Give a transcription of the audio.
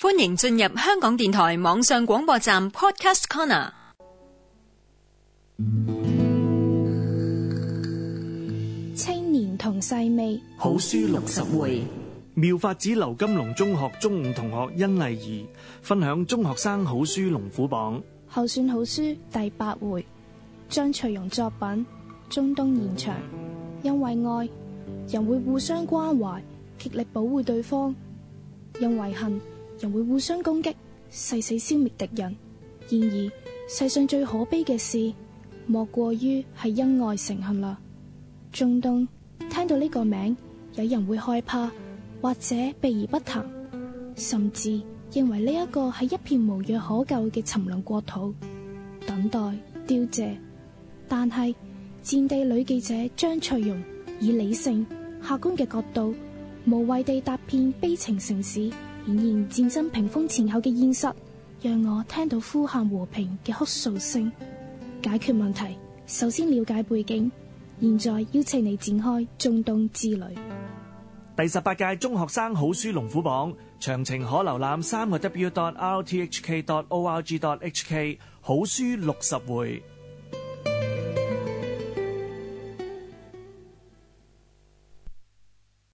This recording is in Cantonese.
歡迎進入香港電台網上廣播站 Podcast Corner。青年同細味好書六十回，妙法寺劉金龍中學中五同學殷麗怡分享中學生好書龍虎榜候選好書第八回，張翠蓉作品《中東現場》。因為愛，人會互相關懷，竭力保護對方，因為恨，人會互相攻擊，誓死消滅敵人。然而，世上最可悲嘅事，莫過於係因愛成恨啦。中東聽到呢個名，有人會害怕，或者避而不談，甚至認為呢一個係一片無藥可救嘅沉淪國土，等待凋謝。但係，戰地女記者張翠蓉以理性、客觀嘅角度，無畏地踏遍悲情城市。顯然戰爭屏風前後嘅煙室，讓我聽到呼喊和平嘅哭訴聲。解決問題，首先了解背景。現在邀請你展開中東之旅。第十八屆中學生好書龍虎榜，詳情可瀏覽 www.rthk.org.hk 好書六十回。